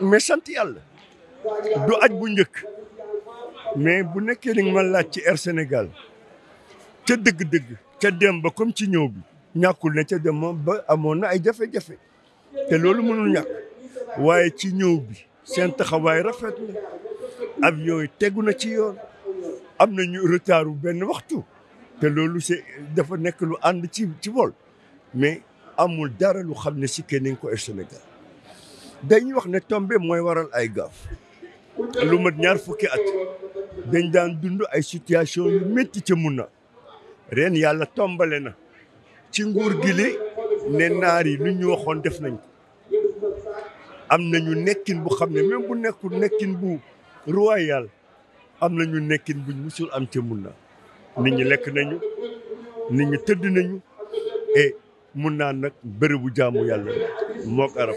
mais sant yàlla du aj bu njëkk mais bu nekkee ni ma laaj ci Air Sénégal ca dëgg-dëgg ca dem ba comme ci ñëw bi ñàkkul ne ca dem ba amoon na ay jafe-jafe te loolu mënul ñàkk waaye ci ñëw bi seen taxawaay rafet na avion yi tegu na ci yoon na nañu retard benn waxtu te loolu c'est dafa nekk lu ànd ci ci vol mais amul dara lu xam ne si kenn ko Air Sénégal dañuy wax ne tombé mooy waral ay gaaf lu mat ñaar fukki at dañ daan dund ay situation yu métti ca mun na ren yàlla tombale na ci nguur gi li ne naar yi lu ñu waxoon def nañ ko am nañu nekkin bu xam ne même bu nekkul nekkin bu royal am nañu nekkin buñ musul am ca mun na nit ñi lekk nañu nit ñi tëdd nañu et mun naa nag bërëbu jaamu yàlla mook arab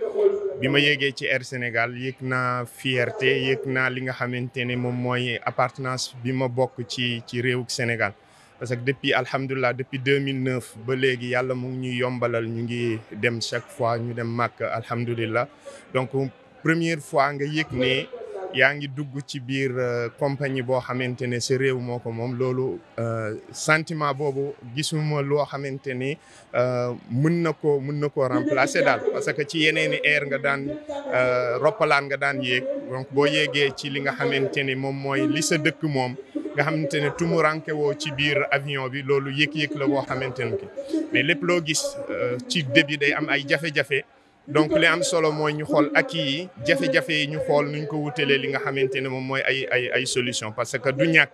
bi ma yéegee ci Air Sénégal yëg naa fierte yëg naa li nga xamante ne moom mooy appartenance bi ma bokk ci ci réewuk Sénégal parce que depuis alhamdulilah depuis 2009 ba léegi yàlla mu ngi ñuy yombalal ñu ngi dem chaque fois ñu dem màkk alhamdulilah donc première fois nga yëg ne yaa ngi dugg ci biir euh, compagnie boo xamante ne sa réew moo ko moom loolu euh, sentiment boobu gisuma loo xamante ni euh, mën na ko mën na koo remplacer daal parce que ci yeneeni air nga daan roppalaan nga daan yéeg donc boo yéegee ci li nga xamante ni moom mooy li sa dëkk moom nga xamante ne tumuranke woo ci biir avion bi loolu yëg-yëg la boo xamante ne mais lépp loo gis ci début day am ay jafe-jafe donc li am solo moy ñu xol ak yi jafé jafé ñu xol nuñ ko wutalee li nga xamante mom moy ay ay ay solution parce que du ñak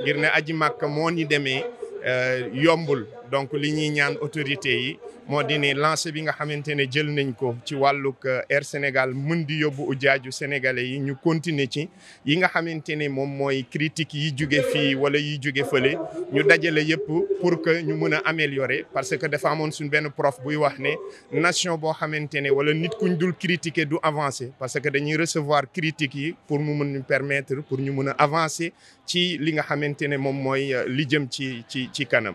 ngir né aji makka mo ñi démé euh yombul donc li ñuy ñaan autorité yi moo dini ne bi nga xamante ne jël nañ ko ci wàllug euh, Air Sénégal mën di yóbbu ujaaju sénégalais yi ñu continuer ci yi nga xamante ne moom mooy critique yi jóge fii wala yi jóge fële ñu dajale yëpp pour que ñu mën a améliorer parce que dafa amoon suñ benn prof buy wax ne nation boo xamante ne wala nit kuñ dul critiquer du avancer parce que dañuy recevoir critiques yi pour mu mën ñu permettre pour ñu mën a avancer ci li nga xamante ne moom mooy euh, li jëm ci ci ci kanam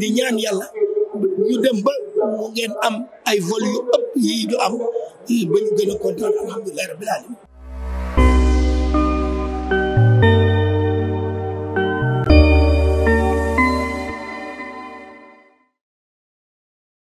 di ñaan yàlla ñu dem ba mu am ay vol yu ëpp yi ñu am ba ñu gën a kontaan alhamdulilah